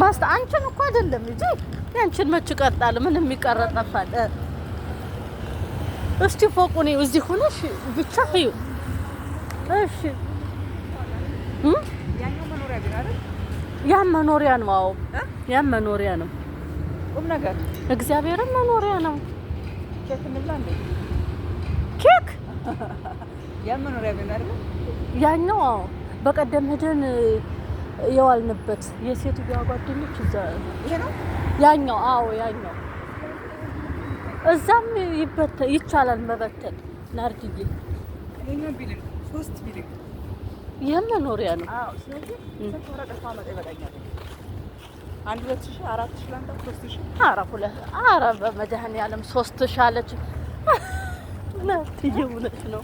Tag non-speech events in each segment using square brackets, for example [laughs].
ማስታ አንቺን እኮ አይደለም እንጂ ያንቺን መች ይቀርጣል? ምን የሚቀረጥ እስቲ እስቲ ፎቁን እዚህ ሆነሽ ብቻ እዩ። እሺ ያን መኖሪያ ነው። አዎ ያም መኖሪያ ነው። ቁም ነገር እግዚአብሔርን መኖሪያ ነው። ኬክ እንብላ እንዴ? ኬክ ያም መኖሪያ ቤት አይደል? ያኛው አዎ በቀደም ሄደን የዋልንበት የሴትዮዋ ጓደኞች እዛ ያኛው፣ አዎ ያኛው እዛም ይበተ ይቻላል መበተን። ናርድዬ ይህም መኖሪያ ነው። ኧረ በመድኃኒዓለም ሶስት ሺህ አለች ናርድዬ፣ እውነት ነው።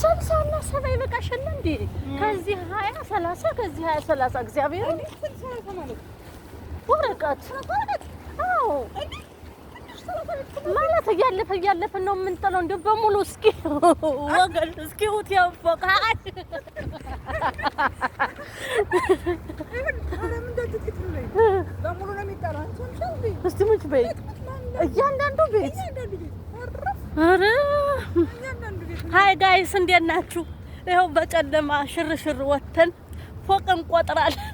ሰላሳና ሰባ ይበቃሻል እንዴ? ከዚህ ሀያ ሰላሳ ከዚህ ሀያ ሰላሳ እግዚአብሔር ወረቀት አዎ፣ ማለት እያለፈ እያለፈ ነው የምንጥለው። እንዲሁ በሙሉ እስኪ ወገን እስኪ ውት ያንፎቃል እስቲ ምች ቤት እያንዳንዱ ቤት ሀይ ጋይስ እንዴት ናችሁ? ይኸው በጨለማ ሽርሽር ወተን ፎቅ እንቆጥራለን።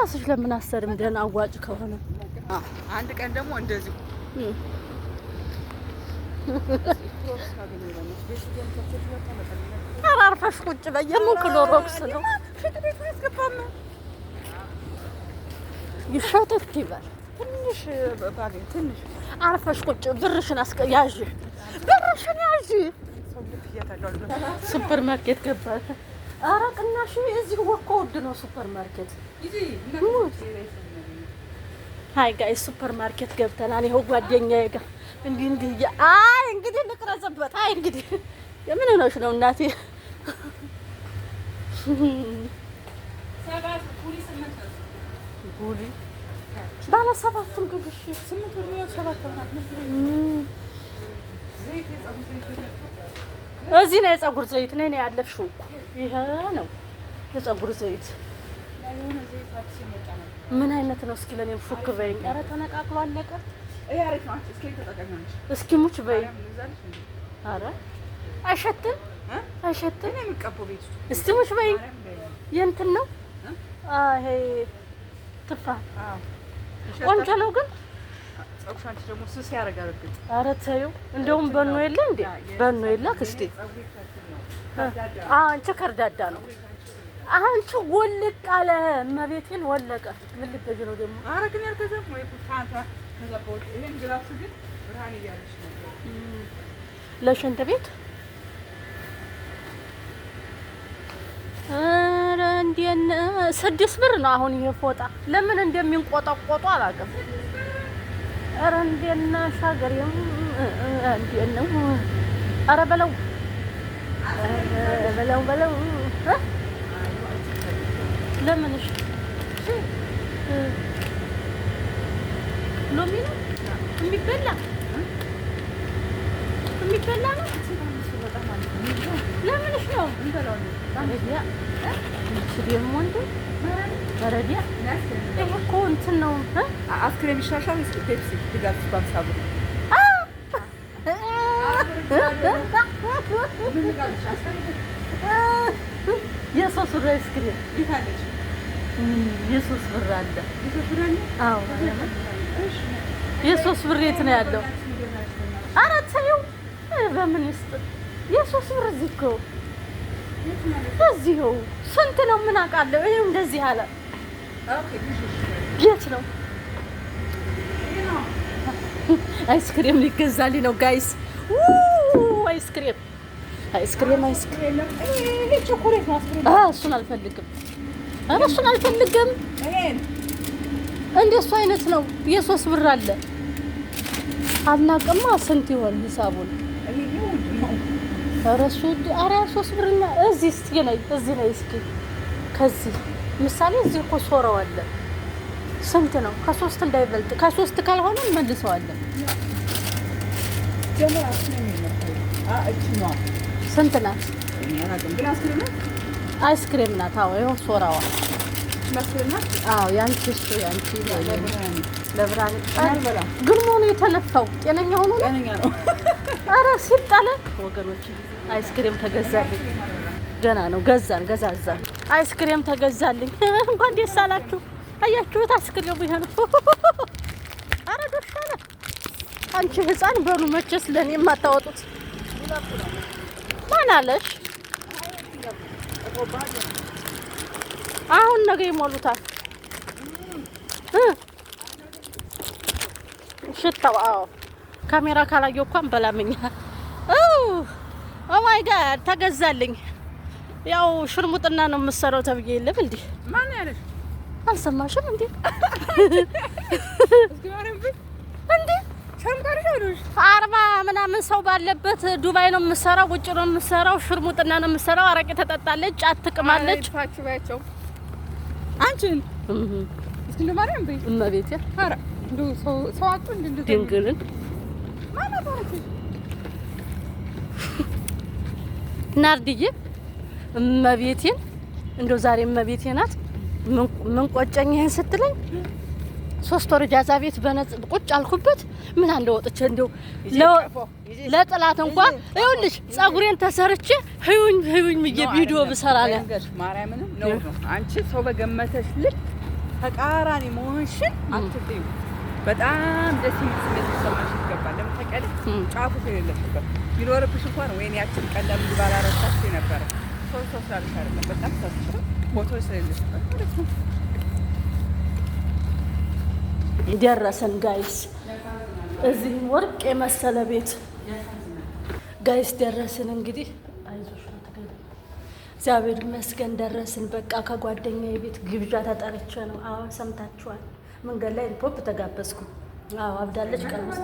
ራስሽ ለምን አሰርም? ደህና አዋጭ ከሆነ አንድ ቀን ደግሞ እንደዚሁ ተራርፈሽ ቁጭ በይ። የምን ክሎሮክስ ነው? ሽንት ይበል። ትንሽ ትንሽ አርፈሽ ቁጭ ብርሽን ያዥ፣ ብርሽን ያዥ። ሱፐር ማርኬት ገባል። ኧረ ቅናሽ እዚህ እኮ ውድ ነው ሱፐር ማርኬት። ሀይ ጋይስ ሱፐር ማርኬት ገብተናል። ይኸው ጓደኛዬ ጋር እንዲህ እንዲህ አይ እንግዲህ ንቅረዘበት አይ እንግዲህ የምን ሆነሽ ነው እናቴ? ባለ ሰባቱም ግብሽ ስምንት እዚህ ነው የፀጉር ዘይት ነይ ነይ ያለፍሽው እኮ ይሄ ነው የፀጉር ዘይት ምን አይነት ነው እስኪ ለኔ ፉክ በይኝ ኧረ ተነቃቅሎ አለቀ እስኪ ሙች በይኝ ኧረ አይሸትም አይሸትም። እስቲ ሙሽ በይ የእንትን ነው ይሄ ትፋ ቆንጆ ነው ግን ኧረ ተይው። እንደውም በኖ የለ እንዴ በኖ የለ ክስቴ አንቺ ከርዳዳ ነው አንቺ ወልቅ አለ እመቤቴን ወለቀ። ምን ልትገዢ ነው ደግሞ? ኧረ ግን ያልተዘብኩ ወይ ፋንታ ለሽንት ቤት እንዴነ ስድስት ብር ነው አሁን ይሄ ፎጣ ለምን እንደሚንቆጠቆጡ አላውቅም። ኧረ እንዴነ ሻገሬው እንዴነ ኧረ በለው በለው በለው ለምን እሺ ሎሚ ነው የሚበላ የሚበላ ነው ለምንሽ ነው እኮ እንትን ነው አስክሬም ይሻሻል። ፔፕሲ ድጋፍ ባሳቡ የሶስት ብር አይስክሬም የሶስት ብር አለ። አዎ የሶስት ብር የት ነው ያለው? ኧረ ተይው በምን ይስጥ የሶስት ብር እዚህ እኮ እዚሁ ስንት ነው? ምን አውቃለሁ። ይሄው እንደዚህ አለ። የት ነው አይስክሬም ሊገዛልኝ ነው ጋይስ። አይስክሬም አይስክሬም አይስክሬም እሱን አልፈልግም። እሱን አልፈልግም። እንደሱ አይነት ነው። የሶስት ብር አለ። አናውቅማ ስንት ይሆን ሂሳቡን ረሱ አሪያ ሶስት ብርና እዚህ እስኪ ነይ እዚህ ነይ እስኪ ከዚህ ምሳሌ እዚህ እኮ ሶረው አለ ስንት ነው? ከሶስት እንዳይበልጥ ከሶስት ካልሆነ መልሰዋለን። ስንት ናት? አይስክሬም ናት። አዎ ይኸው ሶራዋ። አዎ ያንቺ እሱ ያንቺ ለብርሃን ግን መሆኑ የተለፋው ጤነኛ ሆኖ ነው አረ ሲጣለ ወገኖች አይስክሬም ተገዛልኝ። ገና ነው ገዛን ገዛዛን አይስክሬም ተገዛልኝ። [laughs] እንኳን ደስ አላችሁ። አያችሁት አይስክሬሙ ይሄ [laughs] አረ ዶሻ አንቺ ህፃን በሉ መቼስ ለኔ የማታወጡት ማን አለሽ? አሁን ነገ ይሞሉታል። ሽታው አዎ ካሜራ ካላየሁ እንኳን በላምኛ። ኦ ማይ ጋድ ተገዛልኝ። ያው ሽርሙጥና ነው የምሰራው ተብዬ የለም እንዴ? ማን ያለሽ? አልሰማሽም እንዴ? አርባ ምናምን ሰው ባለበት ዱባይ ነው የምሰራው፣ ውጭ ነው የምሰራው፣ ሽርሙጥና ነው የምሰራው። አረቄ ተጠጣለች፣ ጫት ትቅማለች። አንቺን እስክንድር ማርያም በይ እመቤቴ ድንግልን ናርድዬ እመቤቴን እንደው ዛሬ እመቤቴ ናት። ምን ቆጨኝ ይሄን ስትለኝ ሶስት ወር እጃዛ ቤት በነጽ ቁጭ አልኩበት። ምን አንደ ወጥቼ እንደው ለጥላት እንኳን ይኸውልሽ ጸጉሬን ተሰርቼ ህዩኝ ህዩኝ ምዬ ቪዲዮ ብሰራ ነው ማርያምንም ነው አንቺ ሰው በገመተሽ ልክ ተቃራኒ መሆንሽን አትጥዩ። በጣም ደስ የሚል ስሜት ይሰማሽ። አይደል? ጫፉ ስለሌለበት ቢኖርብሽ እንኳን ወይኔ ያችን ቀን ለምን ባላረሳሽ ነበረ። ሰው ሰው ስላልሽ አይደለም፣ በጣም ሳስችል ሞቶች ስለሌለበት ማለት ነው። ደረሰን ጋይስ፣ እዚህ ወርቅ የመሰለ ቤት ጋይስ ደረስን። እንግዲህ አይዞሽ እግዚአብሔር ይመስገን ደረስን። በቃ ከጓደኛ ቤት ግብዣ ተጠርቼ ነው። አዎ ሰምታችኋል። መንገድ ላይ ፖፕ ተጋበዝኩ። አዎ አብዳለች ቀንስ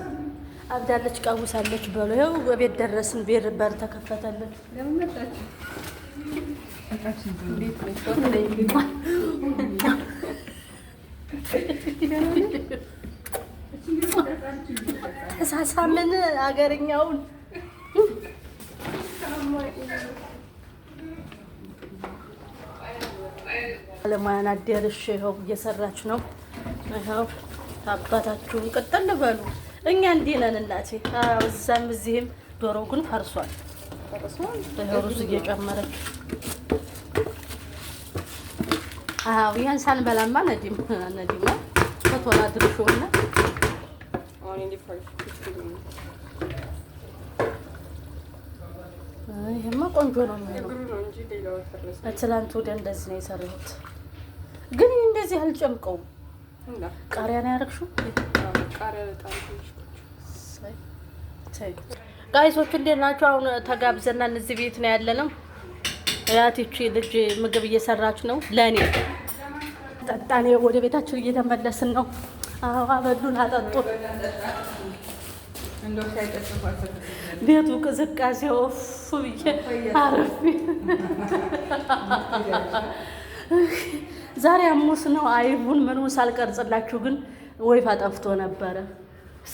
አብዳለች፣ ቀውሳለች በሉ። ይኸው በቤት ደረስን። ቤር በር ተከፈተልን። ተሳሳምን አገርኛውን ባለሙያን አደርሽ። ይኸው እየሰራች ነው። ይኸው አባታችሁን ቅጠል በሉ። እኛ እንዲህ ነን እናቴ። እዛም እዚህም ዶሮ ግን ፈርሷል። ሩዝ እየጨመረች አዎ፣ ይሄን ሳንበላማ ነዲም ነዲማ ከቶላ ድርሾና ይሄማ ቆንጆ ነው የሚሆነው። ትላንት ወደ እንደዚህ ነው የሰራሁት፣ ግን እንደዚህ አልጨምቀውም ቃሪያ ነው ያደረግሽው? ጋይሶች እንዴት ናቸው? አሁን ተጋብዘናል። እዚህ ቤት ነው ያለ ነው ያትቺ ልጅ ምግብ እየሰራች ነው ለእኔ ጠጣኔ። ወደ ቤታችን እየተመለስን ነው። አበሉን፣ አጠጡን። ቤቱ ቅዝቃዜ ወፍ ብዬ አረፌ ዛሬ ሐሙስ ነው። አይቡን ምኑ ሳልቀርጽላችሁ ግን ወይፋ ጠፍቶ ነበረ።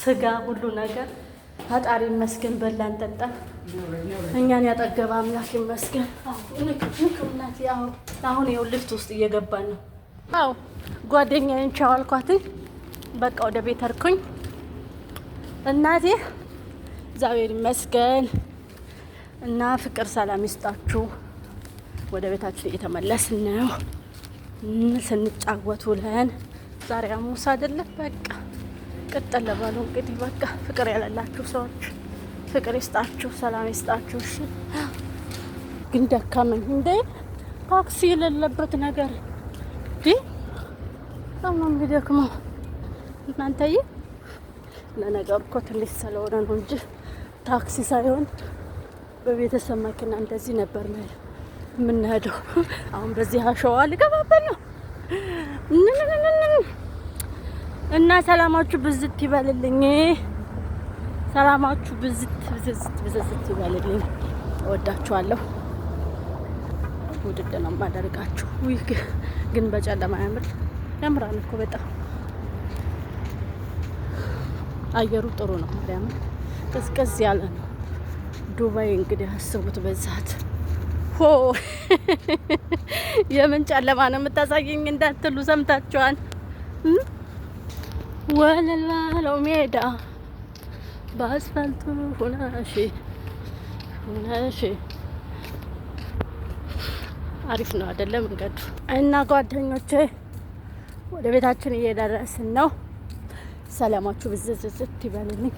ስጋ ሁሉ ነገር ፈጣሪ ይመስገን በላን ጠጣን። እኛን ያጠገበ አምላክ ይመስገን። አሁን ይኸው ልፍት ውስጥ እየገባን ነው። አዎ ጓደኛዬን ቻው አልኳትኝ። በቃ ወደ ቤት አርኩኝ እናቴ እግዚአብሔር ይመስገን እና ፍቅር ሰላም ይስጣችሁ። ወደ ቤታችን እየተመለስን ነው። ስንጫወት ውለን ዛሬ አሙስ አይደለም። በቃ ቀጠል ለባሉ እንግዲህ በቃ ፍቅር ያለላችሁ ሰዎች ፍቅር ይስጣችሁ፣ ሰላም ይስጣችሁ። እሺ ግን ደካመኝ እንደ ታክሲ የሌለበት ነገር ዲ ደግሞ ደክሞ እናንተዬ። ለነገሩ እኮ ትንሽ ስለሆነ ነው እንጂ ታክሲ ሳይሆን በቤተሰብ መኪና እንደዚህ ነበር ነው የምንሄደው አሁን በዚህ አሸዋ ልገባበት ነው። እና ሰላማችሁ ብዝት ይበልልኝ። ሰላማችሁ ብዝት ብዝት ብዝት ይበልልኝ። እወዳችኋለሁ። ውድድ ነው የማደርጋችሁ። ውይ ግን በጨለማ ያምር ያምራል እኮ በጣም አየሩ ጥሩ ነው። ማርያምን ቀዝቀዝ ያለ ነው። ዱባይ እንግዲህ አስቡት በዛት ሆ [laughs] የምን ጨለማ ነው የምታሳየኝ እንዳትሉ ሰምታችኋል። ወለል ባለው ሜዳ በአስፋልቱ ሁናሺ ሁናሺ አሪፍ ነው አይደለም መንገዱ እና ጓደኞቼ ወደ ቤታችን እየደረስን ነው። ሰላማችሁ ብዝዝዝት ይበልልኝ።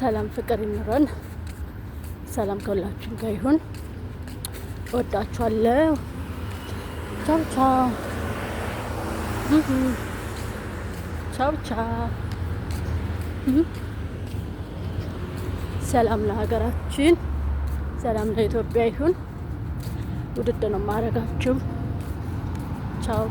ሰላም ፍቅር ይኑረን። ሰላም ከሁላችን ጋር ይሁን። እወዳችኋለሁ። ቻው ቻው ቻው ቻው። ሰላም ለሀገራችን፣ ሰላም ለኢትዮጵያ ይሁን። ውድድ ነው ማረጋችሁ። ቻው